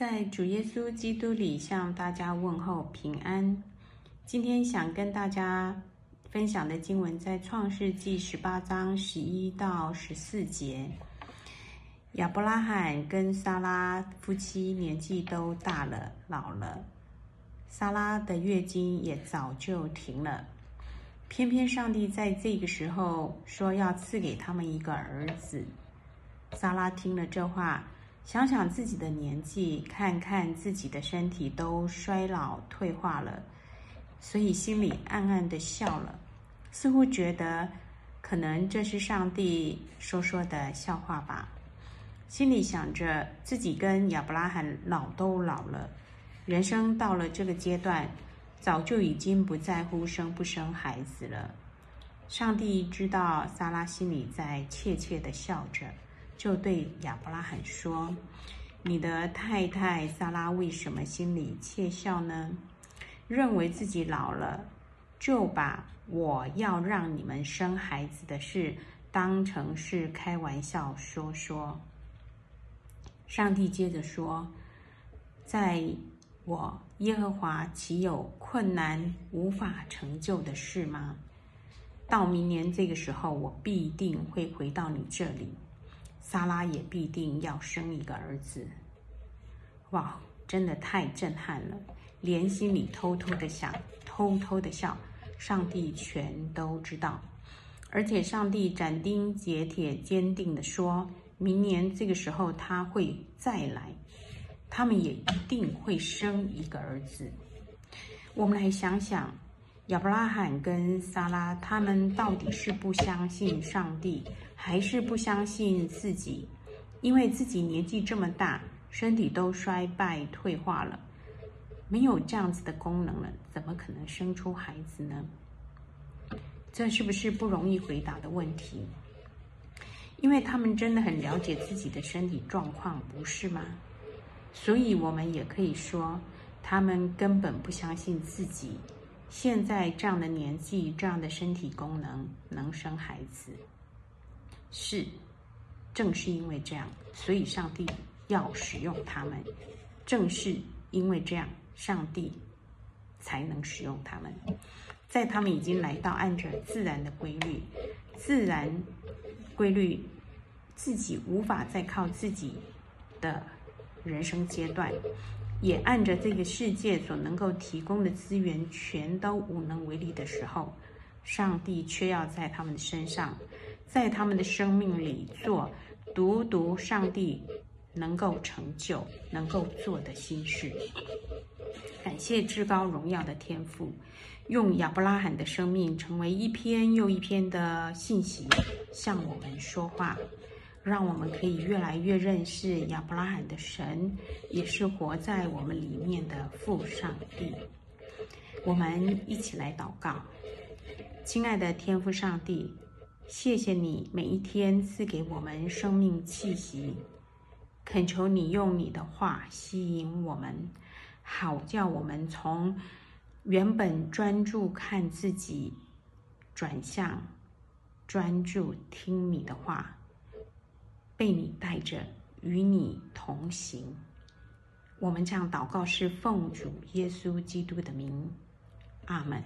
在主耶穌基督裡向大家問候平安。今天想跟大家分享的經文在創世記十八章十一到十四節。亞伯拉罕跟莎拉夫妻年紀都大了，老了，莎拉的月經也早就停了。偏偏上帝在這個時候說要賜給他們一個兒子。莎拉聽了這話。想想自己的年紀，看看自己的身體都衰老退化了，所以心裡暗暗的笑了，似乎覺得可能這是上帝說說的笑話吧。心裡想着自己跟亞伯拉罕老都老了，人生到了這個階段，早就已經不在乎生不生孩子了。上帝知道，莎拉心裡在竊竊的笑着。就對亞伯拉罕說：“你的太太莎拉為什麼心裡竊笑呢？認為自己老了，就把我要讓你們生孩子的事當成是開玩笑說說。”上帝接着說：“在我耶和華豈有困難無法成就的事嗎？到明年這個時候，我必定會回到你這裡。”莎拉也必定要生一個兒子。哇，真的太震撼了！連心裡偷偷的想，偷偷的笑。上帝全都知道，而且上帝斬釘截鐵、堅定的說，明年這個時候他會再來，他們也一定會生一個兒子。我們來想想。亞伯拉罕跟莎拉，他們到底是不相信上帝，還是不相信自己？因為自己年紀這麼大，身體都衰敗退化了，沒有這樣子的功能了，怎麼可能生出孩子呢？這是不是不容易回答的問題？因為他們真的很了解自己的身體狀況，不是嗎？所以我們也可以說，他們根本不相信自己。現在這樣的年紀，這樣的身體功能能生孩子，是正是因為這樣，所以上帝要使用他們；正是因為這樣，上帝才能使用他們。在他們已經來到，按照自然的規律，自然規律自己無法再靠自己的人生階段。也按着這個世界所能夠提供的資源，全都無能為力的時候，上帝卻要在他們的身上，在他們的生命裡做，獨獨上帝能夠成就、能夠做的新事。感謝至高榮耀的天父，用亞伯拉罕的生命成為一篇又一篇的信息，向我們說話。讓我們可以越來越認識亞伯拉罕的神，也是活在我們裡面的父上帝。我們一起來禱告：親愛的天父上帝，謝謝你每一天賜給我們生命氣息，懇求你用你的話吸引我們，好叫我們從原本專注看自己，轉向專注聽你的話。被你帶着，與你同行。我們這樣禱告，是奉主耶穌基督的名，阿門。